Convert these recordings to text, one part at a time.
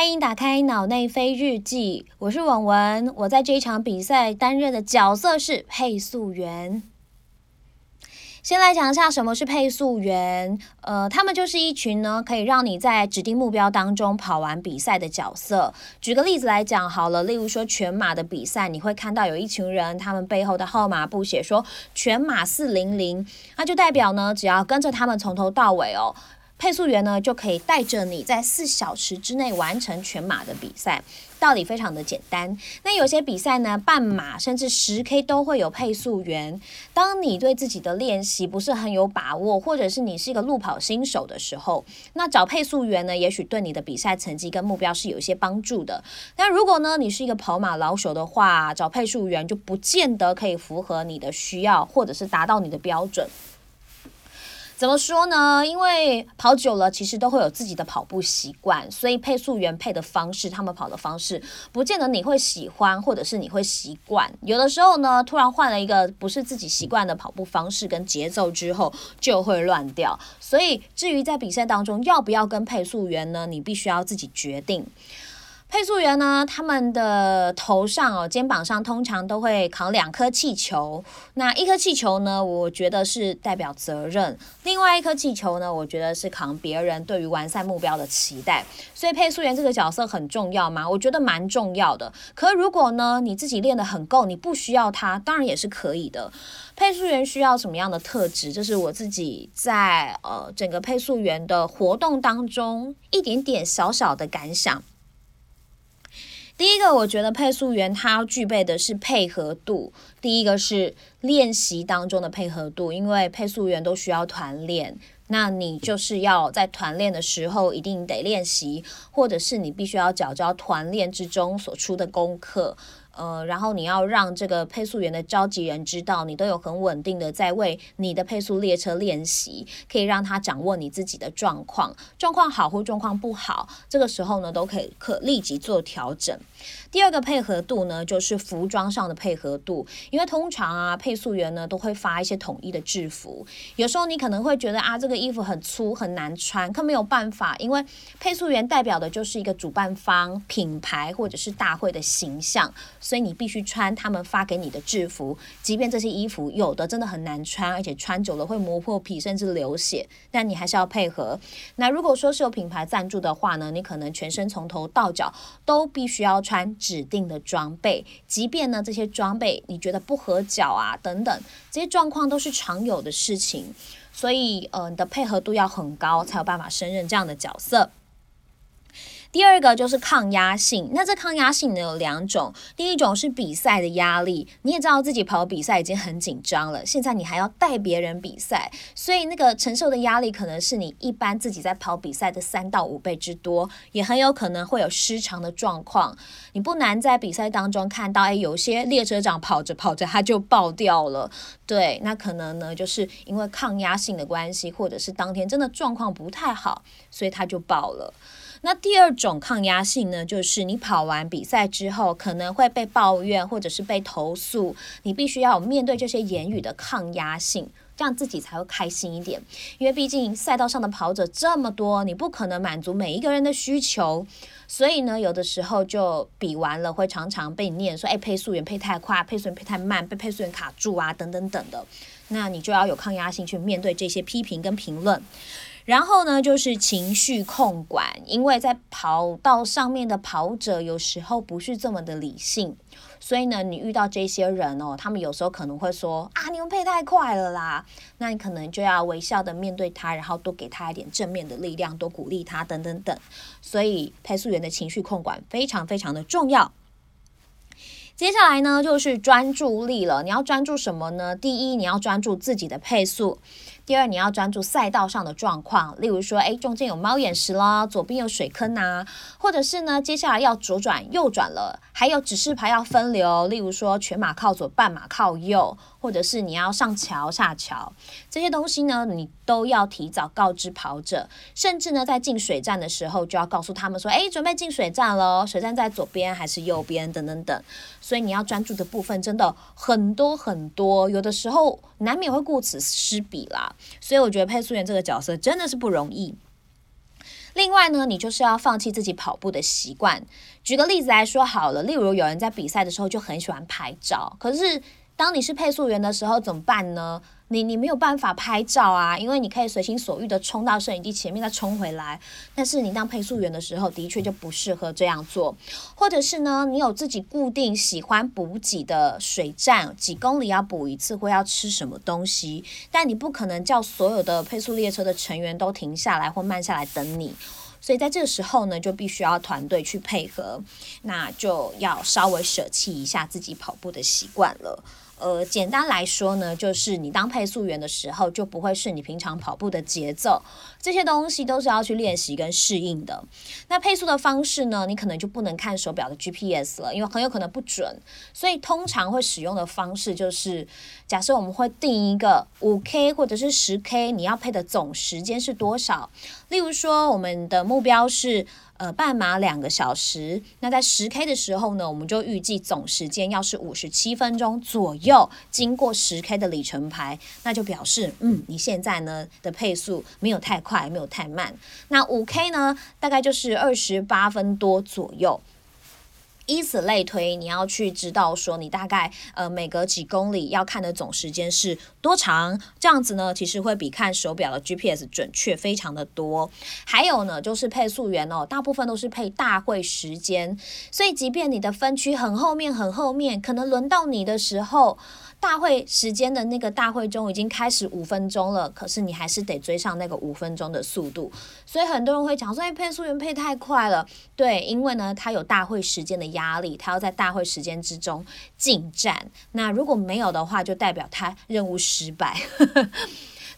歡迎打開腦內啡日記，我是文文。我在這場比賽擔任的角色是配速員。先來講一下什麼是配速員，呃，他們就是一群呢，可以讓你在指定目標當中跑完比賽的角色。舉個例子來講好了，例如說全馬的比賽，你會看到有一群人，他們背後的號碼布寫說全馬四零零，那就代表呢，只要跟着他們從頭到尾哦。配速員呢，就可以帶着你在四小時之內完成全馬的比賽，道理非常的簡單。那有些比賽呢，半馬甚至十 K 都會有配速員。當你對自己的練習不是很有把握，或者是你是一個路跑新手的時候，那找配速員呢，也許對你的比賽成績跟目標是有一些幫助的。那如果呢，你是一個跑馬老手的話，找配速員就不見得可以符合你的需要，或者是達到你的標準。怎麼說呢？因為跑久了，其實都會有自己的跑步習慣，所以配速員配的方式，他們跑的方式，不見得你會喜歡，或者是你會習慣。有的時候呢，突然換了一個不是自己習慣的跑步方式跟節奏之後，就會亂掉。所以，至於在比賽當中要不要跟配速員呢，你必須要自己決定。配速員呢，他們的頭上哦，肩膀上通常都會扛兩顆氣球。那一顆氣球呢，我覺得是代表責任，另外一顆氣球呢，我覺得是扛別人對於完賽目標的期待。所以，配速員這個角色很重要嗎？我覺得蠻重要的。可如果呢，你自己練得很夠，你不需要它，當然也是可以的。配速員需要什麼樣的特質？這是我自己在呃整個配速員的活動當中一點點小小的感想。第一個，我覺得配速員他要具備的是配合度。第一個是練習當中的配合度，因為配速員都需要團練，那你就是要在團練的時候一定得練習，或者是你必須要繳交團練之中所出的功課。呃，然後你要讓這個配速員的召集人知道，你都有很穩定的在為你的配速列車練習，可以讓他掌握你自己的狀況，狀況好或狀況不好，這個時候呢都可以可立即做調整。第二個配合度呢，就是服裝上的配合度，因為通常啊，配速員呢都會發一些統一的制服，有時候你可能會覺得啊，這個衣服很粗很難穿，可沒有辦法，因為配速員代表的就是一個主辦方品牌或者是大會的形象。所以你必須穿他們發給你的制服，即便這些衣服有的真的很難穿，而且穿久了會磨破皮甚至流血，但你還是要配合。那如果說是有品牌贊助的話呢，你可能全身從頭到腳都必須要穿指定的裝備，即便呢這些裝備你覺得不合腳啊等等，這些狀況都是常有的事情。所以呃，你的配合度要很高，才有辦法勝任這樣的角色。第二個就是抗壓性，那這抗壓性呢有兩種，第一種是比賽的壓力，你也知道自己跑比賽已經很緊張了，現在你還要帶別人比賽，所以那個承受的壓力可能是你一般自己在跑比賽的三到五倍之多，也很有可能會有失常的狀況。你不難在比賽當中看到，誒，有些列車長跑着跑着他就爆掉了，對，那可能呢就是因為抗壓性的關係，或者是當天真的狀況不太好，所以他就爆了。那第二種抗壓性呢，就是你跑完比賽之後可能會被抱怨，或者是被投訴，你必須要有面對這些言語的抗壓性，這樣自己才會開心一點。因為畢竟賽道上的跑者這麼多，你不可能滿足每一個人的需求，所以呢，有的時候就比完了會常常被你念說：“哎，配速員配太快，配速員配太慢，被配速員卡住啊，等等等的。”那你就要有抗壓性去面對這些批評跟評論。然後呢，就是情緒控管，因為在跑道上面的跑者有時候不是這麼的理性，所以呢，你遇到這些人哦，他們有時候可能會說啊，你們配太快了啦，那你可能就要微笑的面對他，然後多給他一點正面的力量，多鼓勵他等等等，所以配速員的情緒控管非常非常的重要。接下來呢，就是專注力了，你要專注什麼呢？第一，你要專注自己的配速。第二，你要專注賽道上的狀況，例如說，誒，中間有貓眼石啦，左邊有水坑吶、啊，或者是呢，接下來要左轉、右轉了，還有指示牌要分流，例如說全馬靠左，半馬靠右，或者是你要上橋、下橋，這些東西呢，你都要提早告知跑者，甚至呢，在進水站的時候就要告訴他們說，誒，準備進水站了，水站在左邊還是右邊，等等等。所以你要專注的部分真的很多很多，有的時候。難免會顧此失彼啦，所以我覺得配速員這個角色真的是不容易。另外呢，你就是要放棄自己跑步的習慣。舉個例子來說好了，例如有人在比賽的時候就很喜歡拍照，可是當你是配速員的時候怎麼辦呢？你你沒有辦法拍照啊，因為你可以隨心所欲的衝到攝影機前面再衝回來，但是你當配速員的時候，的確就不適合這樣做。或者是呢，你有自己固定喜歡補給的水站，幾公里要補一次或要吃什麼東西，但你不可能叫所有的配速列車的成員都停下來或慢下來等你，所以在這個時候呢，就必須要團隊去配合，那就要稍微捨棄一下自己跑步的習慣了。呃，簡單來說呢，就是你當配速員的時候，就不會是你平常跑步的節奏，這些東西都是要去練習跟適應的。那配速的方式呢，你可能就不能看手錶的 GPS 了，因為很有可能不準。所以通常會使用的方式就是，假設我們會定一個五 K 或者是十 K，你要配的總時間是多少？例如說，我們的目標是，呃，半馬兩個小時，那在十 K 的時候呢，我們就預計總時間要是五十七分鐘左右。經過十 K 的里程牌，那就表示，嗯，你現在呢的配速沒有太快，沒有太慢。那五 K 呢，大概就是二十八分多左右。以此類推，你要去知道說你大概呃每隔幾公里要看的總時間是多長，這樣子呢，其實會比看手錶的 GPS 準確非常的多。還有呢，就是配速員哦，大部分都是配大會時間，所以即便你的分區很後面很後面，可能輪到你的時候，大會時間的那個大會中，已經開始五分鐘了，可是你還是得追上那個五分鐘的速度。所以很多人會講說：“哎，配速員配太快了。”對，因為呢，他有大會時間的壓力，他要在大會時間之中進站。那如果沒有的話，就代表他任務失敗。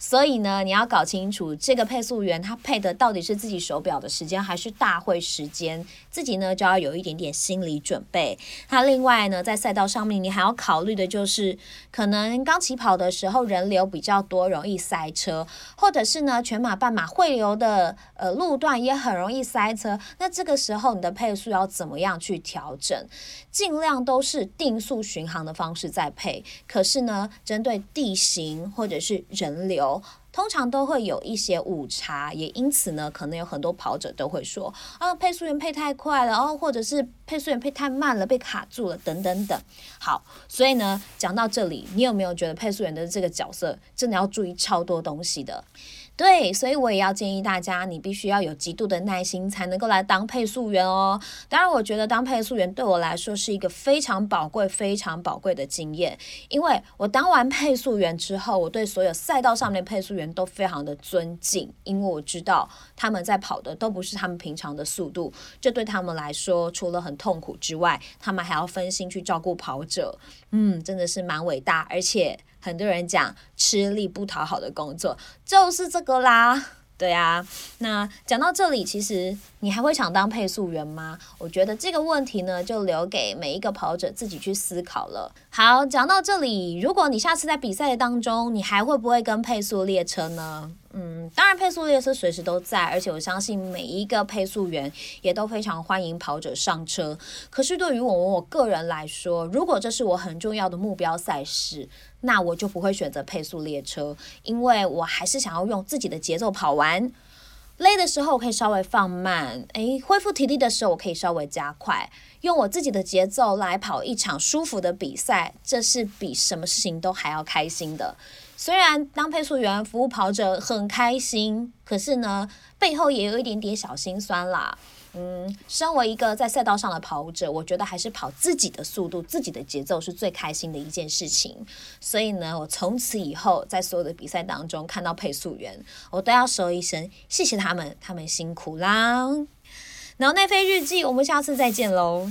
所以呢，你要搞清楚這個配速員他配的到底是自己手錶的時間還是大會時間，自己呢就要有一點點心理準備。那、啊、另外呢，在賽道上面你還要考慮的就是，可能剛起跑的時候人流比較多，容易塞車，或者是呢全馬半馬匯流的呃路段也很容易塞車。那這個時候你的配速要怎麼樣去調整？盡量都是定速巡航的方式在配，可是呢，針對地形或者是人流。通常都會有一些誤差，也因此呢，可能有很多跑者都會說，啊，配速員配太快了，哦，或者是配速員配太慢了，被卡住了，等等等。好，所以呢，講到這裡，你有沒有覺得配速員的這個角色真的要注意超多東西的？對，所以我也要建議大家，你必須要有極度的耐心才能夠來當配速員哦。當然，我覺得當配速員對我來說是一個非常寶貴、非常寶貴的經驗，因為我當完配速員之後，我對所有賽道上面的配速員都非常的尊敬，因為我知道他們在跑的都不是他們平常的速度，這對他們來說除了很痛苦之外，他們還要分心去照顧跑者，嗯，真的是蠻偉大，而且。很多人講吃力不討好的工作就是這個啦，對啊。那講到這裡，其實你還會想當配速員嗎？我覺得這個問題呢，就留給每一個跑者自己去思考了。好，講到這裡，如果你下次在比賽當中，你還會不會跟配速列車呢？當然，配速列車隨時都在，而且我相信每一個配速員也都非常歡迎跑者上車。可是，對於我，我個人來說，如果這是我很重要的目標賽事，那我就不會選擇配速列車，因為我還是想要用自己的節奏跑完。累的時候我可以稍微放慢，誒，恢復體力的時候我可以稍微加快，用我自己的節奏來跑一場舒服的比賽，這是比什麼事情都還要開心的。雖然當配速員服務跑者很開心，可是呢，背後也有一點點小心酸啦。嗯，身為一個在賽道上的跑者，我覺得還是跑自己的速度、自己的節奏是最開心的一件事情。所以呢，我從此以後在所有的比賽當中看到配速員，我都要說一聲謝謝他們，他們辛苦啦。然後腦內啡日記，我們下次再見嘍。